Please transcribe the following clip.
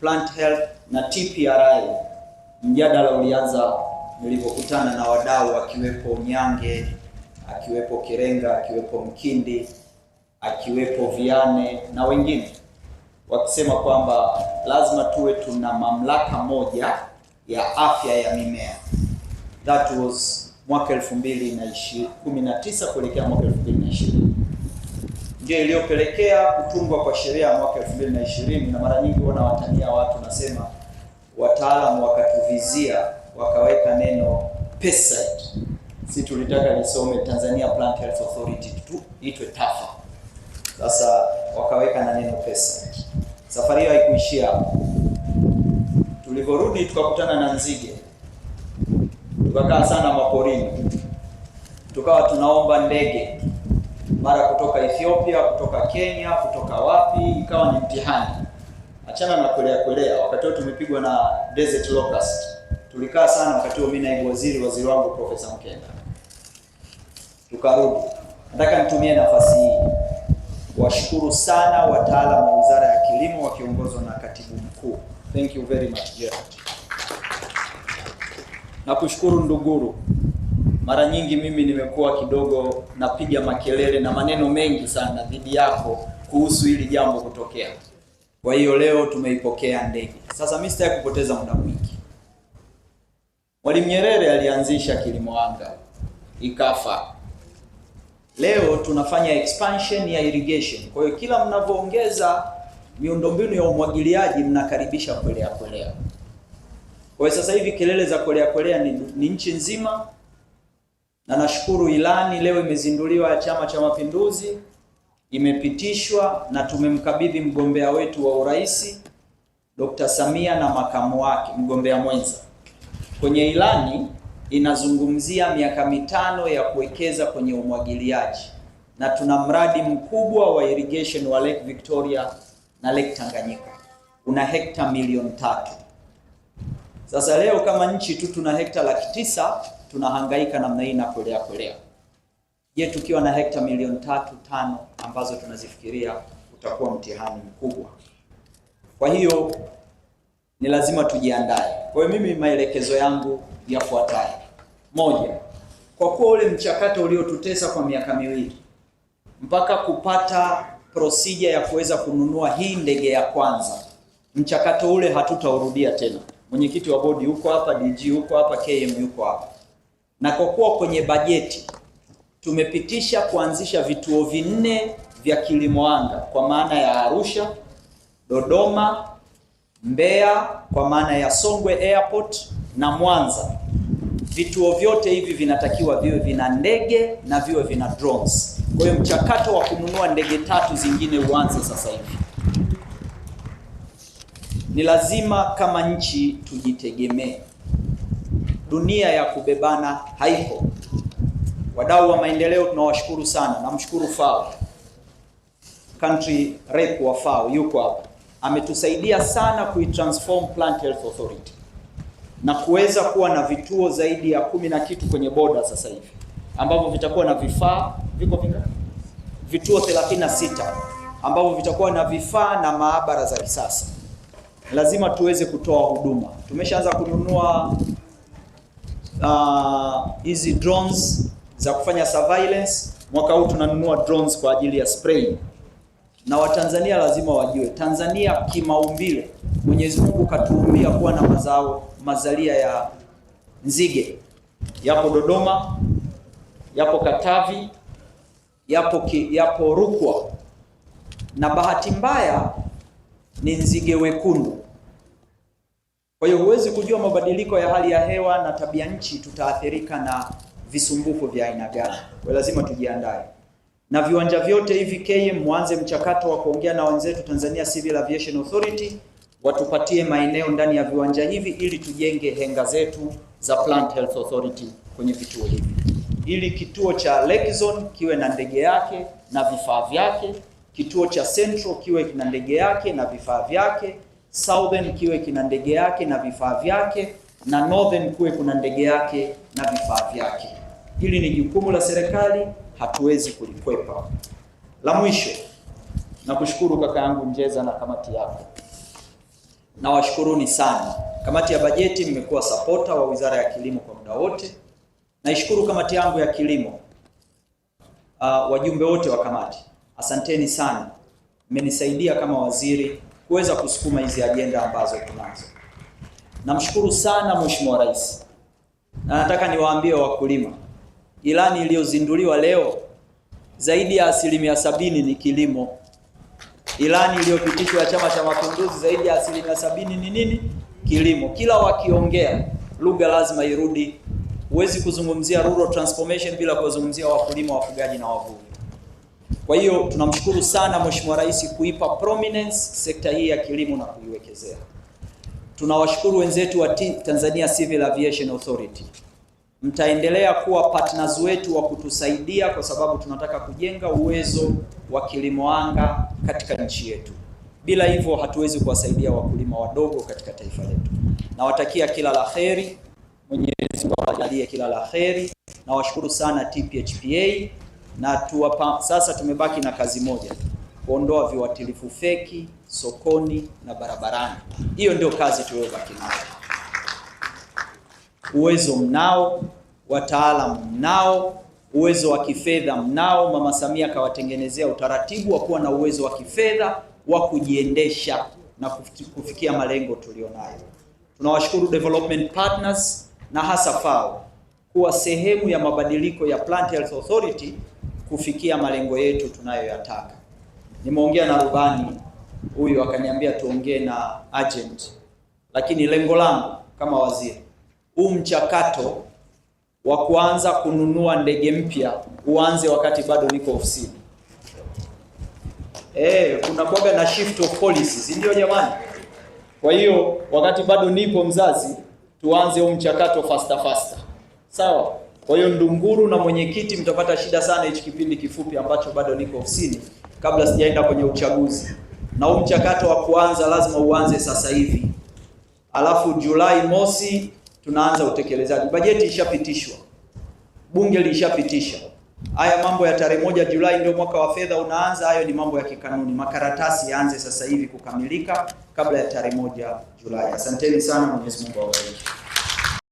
Plant Health na TPRI. Mjadala ulianza nilipokutana na wadau akiwepo Nyange, akiwepo Kirenga, akiwepo Mkindi, akiwepo Viane na wengine wakisema kwamba lazima tuwe tuna mamlaka moja ya afya ya mimea. That was mwaka 2019 kuelekea mwaka 2020 ndio iliyopelekea kutungwa kwa sheria ya mwaka 2020 na mara nyingi wana watania watu nasema, wataalamu wakatuvizia wakaweka neno pesticide. Si tulitaka lisome Tanzania Plant Health Authority tu itwe TAFA, sasa wakaweka na neno pesticide. Safari hiyo haikuishia hapo. Tulivyorudi tukakutana na nzige, tukakaa sana maporini, tukawa tunaomba ndege mara kutoka Ethiopia, kutoka Kenya, kutoka wapi, ikawa ni mtihani. Achana na kwelea kwelea, wakati huo tumepigwa na desert locust. Tulikaa sana wakati huo, mimi naibu waziri, waziri wangu Profesa Mkenda, tukarudi. Nataka nitumie nafasi hii washukuru sana wataalamu wa Wizara ya Kilimo wakiongozwa na katibu mkuu. Thank you very much Gerald. Nakushukuru nduguru mara nyingi mimi nimekuwa kidogo napiga makelele na maneno mengi sana dhidi yako kuhusu hili jambo kutokea. Kwa hiyo leo tumeipokea ndege. Sasa mimi sitaki kupoteza muda mwingi. Mwalimu Nyerere alianzisha kilimo anga ikafa. Leo tunafanya expansion ya irrigation. Kwa hiyo kila mnavyoongeza miundombinu ya umwagiliaji mnakaribisha kwelea kwelea. Kwa hiyo sasa hivi kelele za kwelea kwelea ni, ni nchi nzima na nashukuru ilani leo imezinduliwa ya Chama cha Mapinduzi, imepitishwa na tumemkabidhi mgombea wetu wa urais Dr. Samia na makamu wake mgombea mwenza. Kwenye ilani inazungumzia miaka mitano ya kuwekeza kwenye umwagiliaji na tuna mradi mkubwa wa irrigation wa Lake Victoria na Lake Tanganyika una hekta milioni tatu. Sasa leo kama nchi tu tuna hekta laki tisa tunahangaika namna hii na kuelea kuelea. Je, tukiwa na hekta milioni tatu tano ambazo tunazifikiria utakuwa mtihani mkubwa. Kwa hiyo ni lazima tujiandae. Kwa hiyo mimi maelekezo yangu yafuatayo: moja, kwa kuwa ule mchakato uliotutesa kwa miaka miwili mpaka kupata prosija ya kuweza kununua hii ndege ya kwanza, mchakato ule hatutaurudia tena. Mwenyekiti wa bodi yuko hapa, DG yuko hapa, KM yuko hapa na kwa kuwa kwenye bajeti tumepitisha kuanzisha vituo vinne vya kilimo anga kwa maana ya Arusha, Dodoma, Mbeya kwa maana ya Songwe Airport na Mwanza. Vituo vyote hivi vinatakiwa viwe vina ndege na viwe vina drones. Kwa hiyo mchakato wa kununua ndege tatu zingine uanze sasa hivi. Ni lazima kama nchi tujitegemee dunia ya kubebana haipo. Wadau wa maendeleo tunawashukuru sana. Namshukuru FAO, country rep wa FAO yuko hapa, ametusaidia sana kuitransform Plant Health Authority na kuweza kuwa na vituo zaidi ya kumi na kitu kwenye boda sasa hivi ambavyo vitakuwa na vifaa viko vingapi? Vituo 36 ambavyo vitakuwa na vifaa na maabara za kisasa. Lazima tuweze kutoa huduma. Tumeshaanza kununua Uh, hizi uh, drones za kufanya surveillance. Mwaka huu tunanunua drones kwa ajili ya spray, na Watanzania lazima wajue Tanzania kimaumbile, Mwenyezi Mungu katuumbia kuwa na mazao mazalia ya nzige. Yapo Dodoma, yapo Katavi, yapo, ki, yapo Rukwa, na bahati mbaya ni nzige wekundu kwa hiyo huwezi kujua mabadiliko ya hali ya hewa na tabia nchi tutaathirika na visumbufu vya aina gani. Kwa lazima tujiandae. Na viwanja vyote hivi KM, mwanze mchakato wa kuongea na wenzetu Tanzania Civil Aviation Authority watupatie maeneo ndani ya viwanja hivi ili tujenge henga zetu za Plant Health Authority kwenye vituo hivi, ili kituo cha Lake Zone kiwe na ndege yake na vifaa vyake, kituo cha Central kiwe na ndege yake na vifaa vyake Southern kiwe kina ndege yake na vifaa vyake na Northern kuwe kuna ndege yake na vifaa vyake. Hili ni jukumu la serikali, hatuwezi kulikwepa. La mwisho, nakushukuru kaka yangu Njeza na kamati yako, nawashukuruni sana. Kamati ya bajeti, mmekuwa supporter wa wizara ya kilimo kwa muda wote. Naishukuru kamati yangu ya kilimo, uh, wajumbe wote wa kamati, asanteni sana, mmenisaidia kama waziri kuweza kusukuma hizi ajenda ambazo tunazo. Namshukuru sana Mheshimiwa Rais, na nataka niwaambie wakulima, ilani iliyozinduliwa leo zaidi ya asilimia sabini ni kilimo. Ilani iliyopitishwa ya Chama cha Mapinduzi zaidi ya asilimia sabini ni nini? Kilimo. Kila wakiongea lugha lazima irudi. Huwezi kuzungumzia rural transformation bila kuzungumzia wakulima, wafugaji na wavuvi. Kwa hiyo tunamshukuru sana Mheshimiwa Rais kuipa prominence sekta hii ya kilimo na kuiwekezea. Tunawashukuru wenzetu wa Tanzania Civil Aviation Authority, mtaendelea kuwa partners wetu wa kutusaidia kwa sababu tunataka kujenga uwezo wa kilimo anga katika nchi yetu. Bila hivyo hatuwezi kuwasaidia wakulima wadogo katika taifa letu. Nawatakia kila la heri, Mwenyezi Mungu awajalie kila la heri. Nawashukuru sana TPHPA na tuwapa. Sasa tumebaki na kazi moja, kuondoa viwatilifu feki sokoni na barabarani. Hiyo ndio kazi tuliyobaki nayo. Uwezo mnao, wataalamu mnao, uwezo wa kifedha mnao. Mama Samia akawatengenezea utaratibu wa kuwa na uwezo wa kifedha wa kujiendesha na kufikia malengo tulionayo. Tunawashukuru development partners na hasa FAO kuwa sehemu ya mabadiliko ya Plant Health Authority kufikia malengo yetu tunayoyataka. Nimeongea na rubani huyu akaniambia tuongee na agent, lakini lengo langu kama waziri, huu mchakato wa kuanza kununua ndege mpya uanze wakati bado niko ofisini. Eh, kuna kwaga na shift of policies, ndio jamani. Kwa hiyo wakati bado nipo mzazi, tuanze huu mchakato faster faster, sawa. Kwa hiyo Ndunguru na mwenyekiti mtapata shida sana hichi kipindi kifupi ambacho bado niko ofisini kabla sijaenda kwenye uchaguzi, na huu mchakato wa kuanza lazima uanze sasa hivi, alafu Julai mosi tunaanza utekelezaji. Bajeti ishapitishwa, bunge lishapitisha haya mambo ya tarehe moja Julai ndio mwaka wa fedha unaanza. Hayo ni mambo ya kikanuni, makaratasi yaanze sasa hivi kukamilika kabla ya tarehe moja Julai. Asanteni sana, Mwenyezi Mungu awabariki.